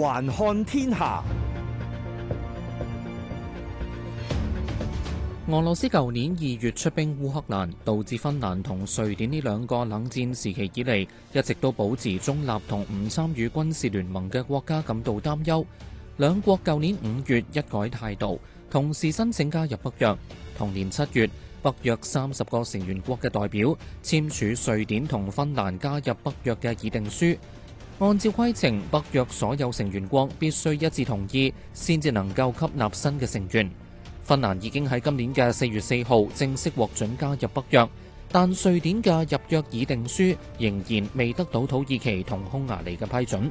環看天下，俄羅斯舊年二月出兵烏克蘭，導致芬蘭同瑞典呢兩個冷戰時期以嚟一直都保持中立同唔參與軍事聯盟嘅國家感到擔憂。兩國舊年五月一改態度，同時申請加入北約。同年七月，北約三十個成員國嘅代表簽署瑞典同芬蘭加入北約嘅議定書。按照規程，北約所有成員國必須一致同意，先至能夠吸納新嘅成員。芬蘭已經喺今年嘅四月四號正式獲准加入北約，但瑞典嘅入約議定書仍然未得到土耳其同匈牙利嘅批准。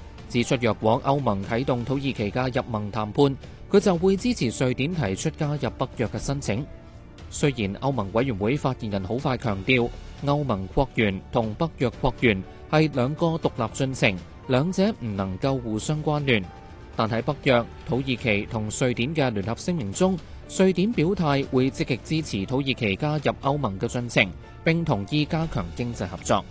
指出，若果歐盟啟動土耳其加入盟談判，佢就會支持瑞典提出加入北約嘅申請。雖然歐盟委員會發言人好快強調，歐盟國員同北約國員係兩個獨立進程，兩者唔能夠互相關聯。但喺北約、土耳其同瑞典嘅聯合聲明中，瑞典表態會積極支持土耳其加入歐盟嘅進程，並同意加強經濟合作。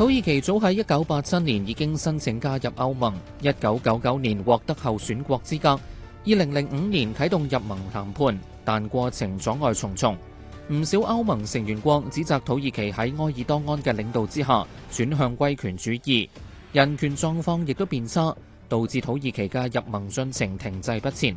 土耳其早喺一九八七年已經申請加入歐盟，一九九九年獲得候選國資格，二零零五年啟動入盟談判，但過程阻礙重重。唔少歐盟成員國指責土耳其喺埃爾多安嘅領導之下轉向威權主義，人權狀況亦都變差，導致土耳其嘅入盟進程停滯不前。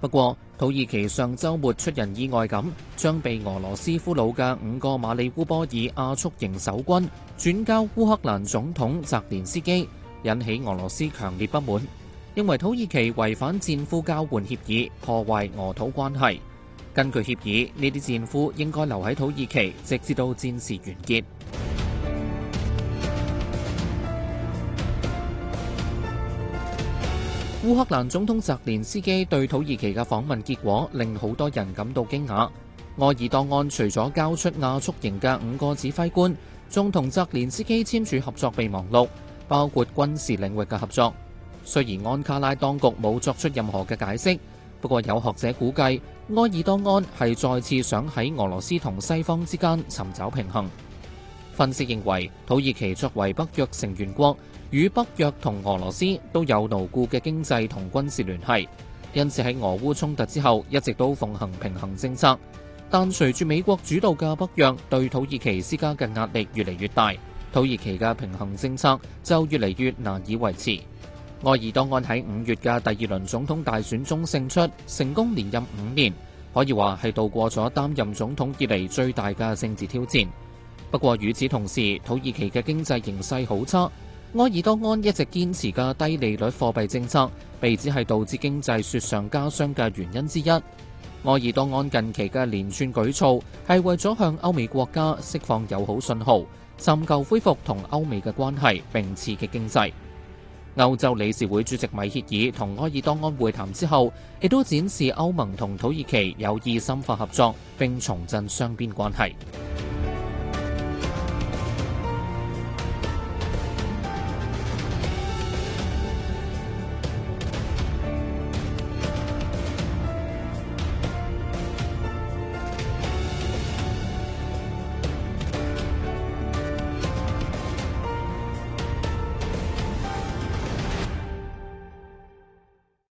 不過，土耳其上周末出人意外咁，將被俄羅斯俘虜嘅五個馬里烏波爾亞速營守軍轉交烏克蘭總統澤連斯基，引起俄羅斯強烈不滿，認為土耳其違反戰俘交換協議，破壞俄土關係。根據協議，呢啲戰俘應該留喺土耳其，直至到戰事完結。烏克蘭總統澤連斯基對土耳其嘅訪問結果令好多人感到驚訝。埃爾多安除咗交出亞速營嘅五個指揮官，仲同澤連斯基簽署合作備忘錄，包括軍事領域嘅合作。雖然安卡拉當局冇作出任何嘅解釋，不過有學者估計，埃爾多安係再次想喺俄羅斯同西方之間尋找平衡。分析認為，土耳其作為北約成員國，與北約同俄羅斯都有牢固嘅經濟同軍事聯繫。因此喺俄烏衝突之後，一直都奉行平衡政策。但隨住美國主導嘅北約對土耳其施加嘅壓力越嚟越大，土耳其嘅平衡政策就越嚟越難以維持。埃爾多安喺五月嘅第二輪總統大選中勝出，成功連任五年，可以話係度過咗擔任總統以嚟最大嘅政治挑戰。不過，與此同時，土耳其嘅經濟形勢好差。埃爾多安一直堅持嘅低利率貨幣政策，被指係導致經濟雪上加霜嘅原因之一。埃爾多安近期嘅連串舉措，係為咗向歐美國家釋放友好信號，尋求恢復同歐美嘅關係，並刺激經濟。歐洲理事會主席米歇爾同埃爾多安會談之後，亦都展示歐盟同土耳其有意深化合作，並重振雙邊關係。